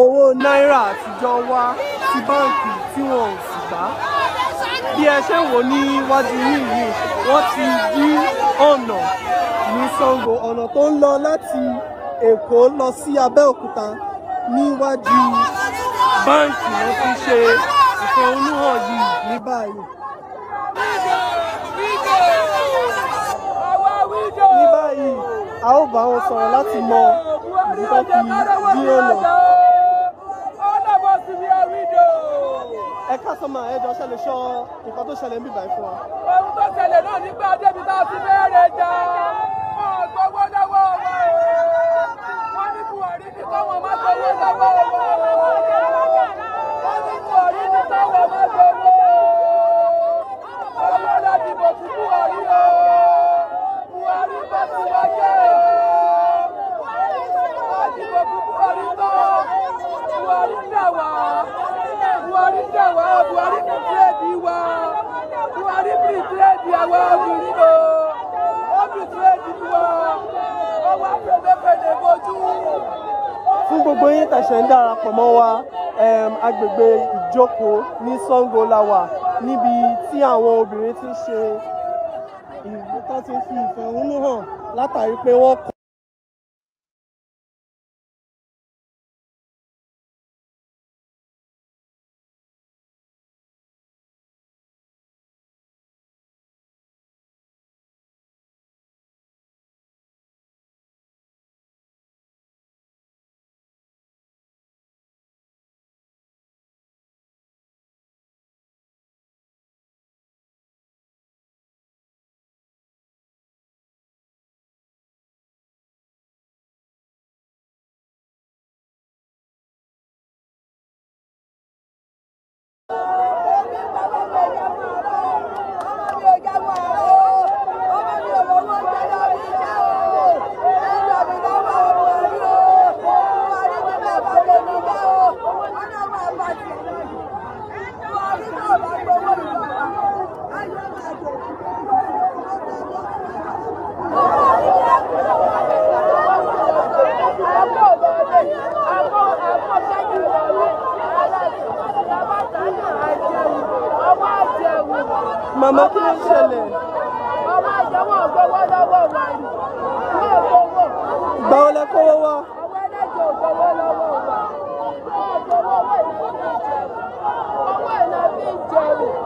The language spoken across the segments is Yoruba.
owó náírà àtijọ́ wá sí báǹkì tí wọn ò sì gbà bí ẹ ṣe wò níwájú yìí wọ́n ti yí ọ̀nà ní Ṣàngó ọ̀nà tó ń lọ láti Èkó lọ sí Abẹ́òkúta níwájú báǹkì wọn fi ṣe ìfẹ̀hónúhàn yìí ní báyìí. ní báyìí a ó bá wọn sọ̀rọ̀ láti mọ ìdí tó fi yí ọ̀nà. ẹ ká sọmọ ẹjọ ṣẹlẹ̀ sọ nǹkan tó ṣẹlẹ̀ ń bíbá ẹ fún wa. ohun tó ṣẹlẹ̀ náà ní pé ọjọ́ ibi tá a ti bẹ̀rẹ̀ jà wọn ò gbowó lọ́wọ́ wa wọn ní Buhari ní káwọn má gbowó lọ́wọ́ wa wọn ní Buhari ní káwọn má gbowó ọmọ láti bọ̀ sí Buhari o. darapọ̀ mọ́ wa agbègbè ìjókòó ní Sango lawa níbi tí àwọn obìnrin ti ń ṣe ìlú tó ti ń fi ìfẹ̀hónú hàn látàrí pé wọ́n kọ́. Oh. màmá kí ló ń ṣẹlẹ̀. ọmọ ìjọba ògbó wọ́n lọ́wọ́ wa ní èkó wò. ìgbà wo lẹ kówó wá. ọmọ ẹlẹ́jọ ògbó wọ́n lọ́wọ́ wa. ọmọ ìjọba owó ìnàbí ìjẹrè.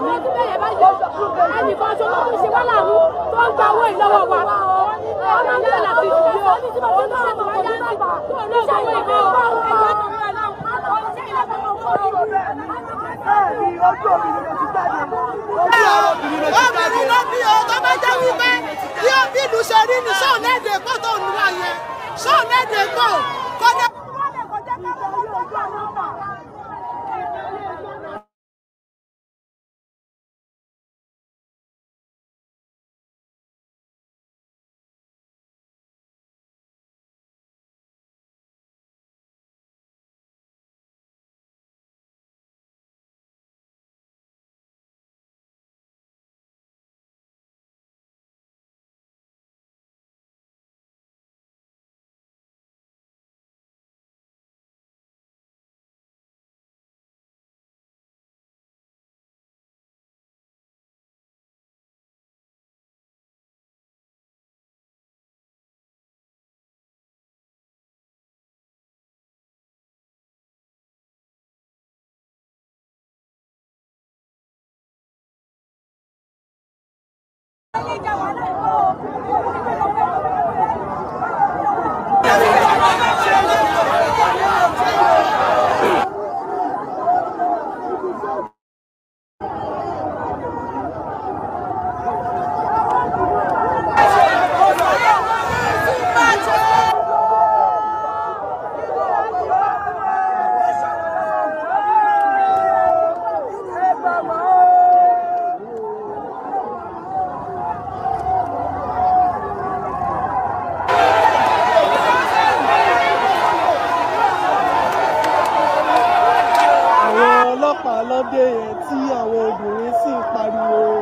ìwé tí bẹ́ẹ̀ bá yọ ẹnìkan ṣoṣo tó ṣe wá láàmú tó ń gba owó ìlọ́wọ́ wa. ọmọ náà là fi ṣe sọ ní tí bàbá náà tó wáyé náà tó ló ṣe ìwé ìgbà ọgbà ọgbà Bẹ́ẹ̀ni ojú obìnrin ló ti jáde. Obìnrin ló bí o bá jẹ́ wípé bí ìlú ṣe rí ni sóòlẹ́ẹ̀dẹ̀ tó ń lu àyẹ̀ sóòlẹ́ẹ̀dẹ̀ kọ́dẹ́. 练家完了。birthday yẹn tí àwọn obìnrin sì ń pariwo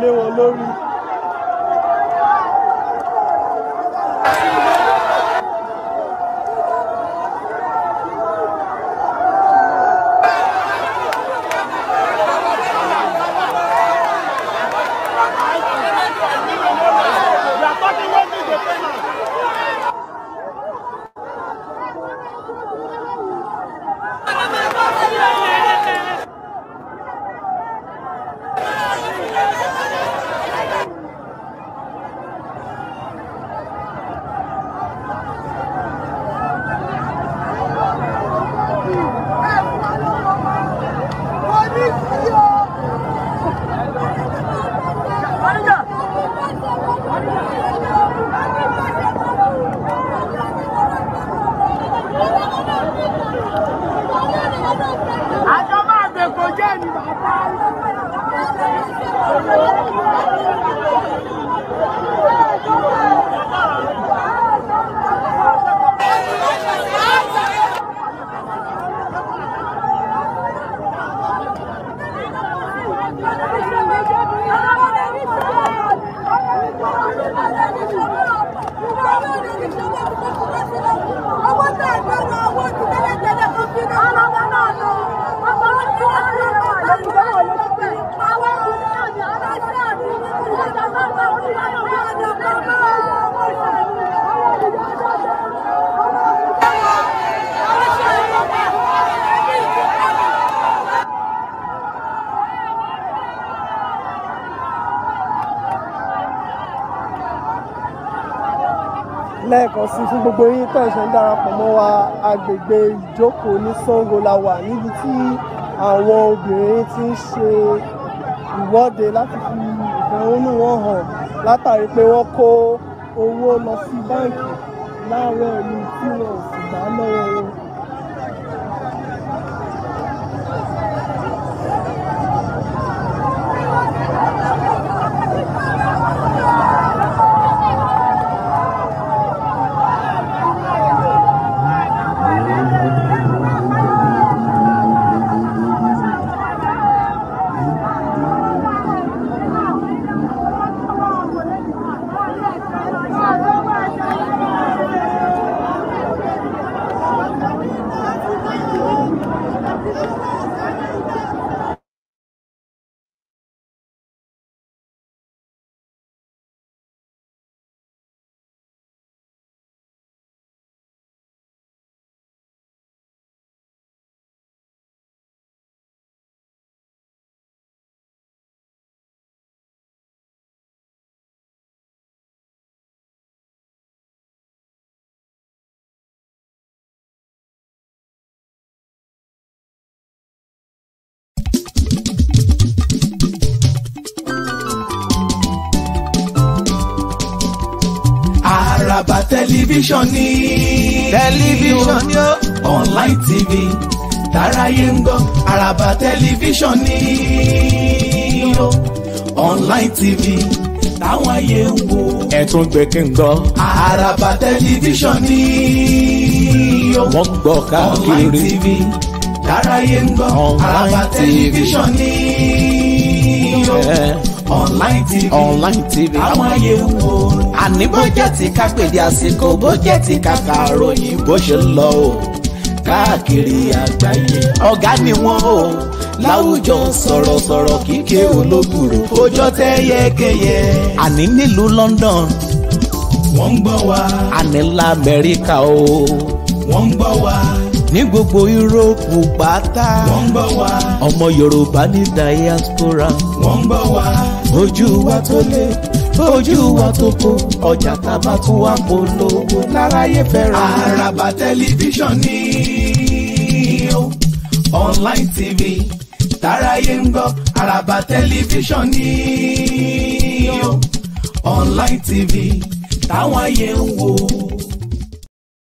lé wọn lórí. lẹ́ẹ̀kan sí fún gbogbo yín tó ẹ̀ṣẹ̀ ń darapọ̀ mọ́ wa agbègbè ìjókòó ní Sango la wà níbi tí àwọn obìnrin ti ń ṣe ìwọ́de láti fi ìfẹ̀hónú hàn látàrí pé wọ́n kó owó lọ sí báǹkì láàárọ̀ ìlú tí wọn ò sì gbà lọ́wọ́ wọn. Àdàbà tẹlifíṣàn ni. tẹlifíṣàn ni ó. online tv tàráyé ń gbọ́ Àràbà tẹlifíṣàn ni ó. online tv táwọn ayé ń wo. ẹ tún gbé gbọ́. Àràbà tẹlifíṣàn ni ó. wọ́n gbọ́ káàkiri. online tv tàráyé ń gbọ́ Àràbà tẹlifíṣàn ni ó online tv online tv àwọn àyẹ̀wò àní bó jẹ́ ti ká pèdé àsìkò bó jẹ́ ti ká kàròyìn bó ṣe ń lọ o káàkiri àgbáyé ọ̀gá ni wọ́n o láwùjọ sọ̀rọ̀sọ̀rọ̀ kíkẹ́ olóbùrò ọjọ́ tẹ́ yẹ́kẹ́yẹ́ àní nílùú London wọ́n ń gbọ́ wa àní lamẹ́ríkà o wọ́n ń gbọ́ wa ní gbogbo yúróòpù pátá. wọ́n bọ̀ wá. ọmọ yorùbá ní diaspora. wọ́n bọ̀ wá. ojú wa tó lé ojú wa tó kó ọjà tábà tún wá polówó láráyé fẹ́ràn. àràbà tẹlifíṣàn ni ó online tv táráyé ń gbọ́ àràbà tẹlifíṣàn ni ó online tv táwọn ayé ń wò